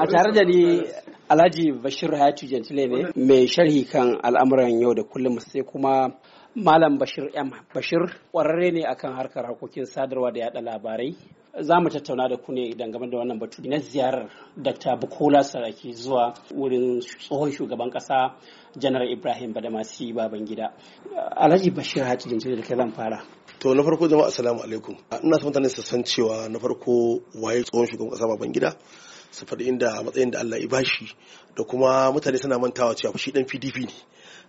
a tare da ni Alhaji Bashir Hayatu Jantile ne mai sharhi kan al'amuran yau da kullum sai kuma Malam Bashir M. Bashir ƙwararre ne akan harkar harkokin sadarwa da yada labarai. Za mu tattauna da ku ne idan game da wannan batu na ziyarar Dr. Bukola Saraki zuwa wurin tsohon shugaban ƙasa Janar Ibrahim Badamasi Babangida. Alhaji Bashir Hatu Jintile da zan fara. To na farko jama'a assalamu alaikum. Ina son mutane su san cewa na farko waye tsohon shugaban ƙasa Babangida. su faɗi inda matsayin da Allah ya bashi da kuma mutane suna mantawa cewa shi dan PDP ne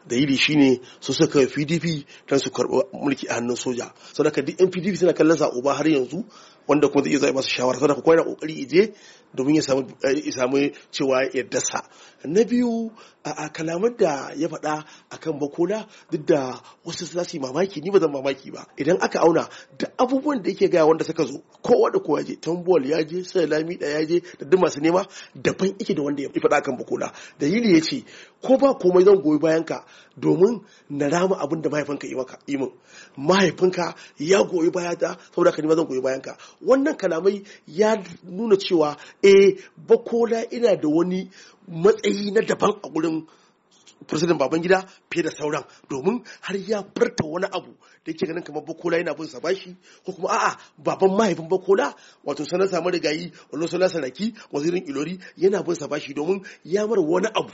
dalili shine su suka PDP don su karɓi mulki a hannun soja saboda duk yan PDP suna kallon sa uba har yanzu wanda kuma zai iya zai ba su shawara saboda kuma yana kokari je. domin eh, ya samu cewa ya dasa na biyu a kalamar da ya faɗa kan bakola duk da wasu za su yi mamaki ni ba zan mamaki ba idan aka auna da abubuwan da yake gaya wanda suka zo kowa da kowa je tambol ya je sai lami da ya je da duk masu nema daban yake da wanda ya faɗa kan bakola dalili ya ce ko ba komai zan goyi bayan ka domin na rama abin da mahaifinka yi maka yi min mahaifinka ya goyi baya ta saboda ka nima zan goyi bayan ka wannan kalamai ya nuna cewa eh bakola ina da wani matsayi na daban a gurin president babangida fiye da sauran domin har ya furta wani abu da yake ganin kamar bakola yana bin bashi ko kuma a'a baban mahaifin bakola wato sanar samu rigayi wani sanar saraki wazirin ilori yana bin bashi domin ya mara wani abu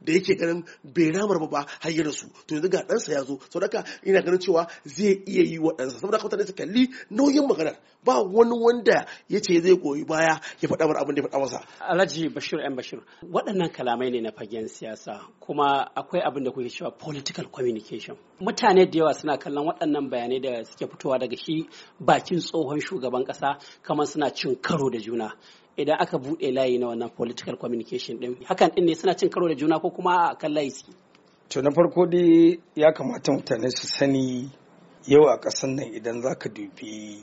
da yake ganin bai ramar ba har ya rasu to yanzu ga ɗansa ya zo sau daga ina ganin cewa zai iya yi wa ɗansa saboda ta su kalli nauyin maganar ba wani wanda ya ce zai goyi baya ya faɗa mara abin da ya faɗa masa. Alhaji Bashir yan Bashir waɗannan kalamai ne na fagen siyasa kuma akwai abin da kuke cewa political communication. Mutane da yawa suna kallon waɗannan bayanai da suke fitowa daga shi bakin tsohon shugaban ƙasa kamar suna cin karo da juna. idan aka buɗe layi na wannan political communication din hakan ɗin ne suna cin karo da juna ko kuma a kan layi suke to na farko dai ya kamata mutane su sani yau a ƙasar nan idan za ka dubi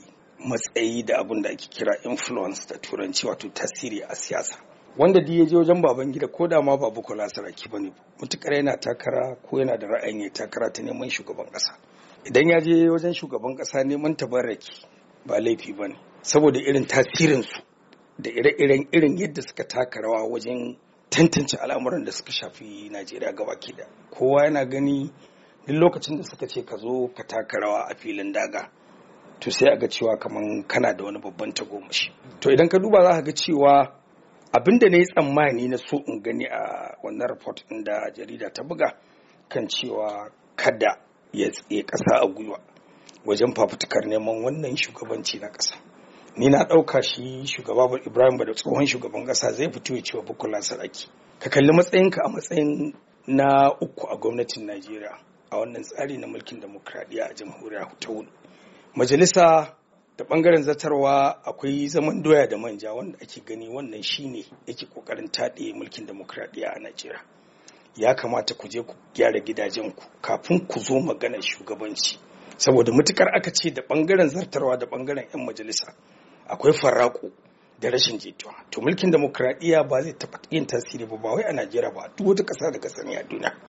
matsayi da abin da ake kira influence da turanci wato tasiri a siyasa wanda ya je wajen baban gida ko da ma ba bukola saraki bane mutukar yana takara ko yana da ra'ayin ya takara ta neman shugaban ƙasa idan ya je wajen shugaban ƙasa neman tabarraki ba laifi bane saboda irin tasirin su da ire-iren irin yadda suka taka rawa wajen tantance al'amuran da suka shafi najeriya gaba da kowa yana gani duk lokacin da suka ce ka zo ka taka rawa a filin daga to sai a ga cewa kamar kana da wani babban tagomashi to idan ka duba za ka ga cewa abin da na yi tsammani na so in gani a wannan report ɗin da jarida ta buga kan cewa kada ya tsaye ƙasa a gwiwa wajen fafutukar neman wannan shugabanci na ƙasa ni na ɗauka shi shugaba ibrahim da tsohon shugaban ƙasa zai fito ya cewa bukola saraki ka kalli matsayinka a matsayin na uku a gwamnatin najeriya a wannan tsari na mulkin demokradiyya a jamhuriya ta majalisa da bangaren zartarwa akwai zaman doya da manja wanda ake gani wannan shine yake kokarin taɗe mulkin demokradiyya a najeriya ya kamata ku je ku gyara ku kafin ku zo maganar shugabanci saboda matukar aka ce da bangaren zartarwa da bangaren 'yan majalisa akwai farraku da rashin jituwa to mulkin demokradiyya ba zai taɓa yin tasiri ba ba wai a najeriya ba duk wata ƙasa da ka sani a duniya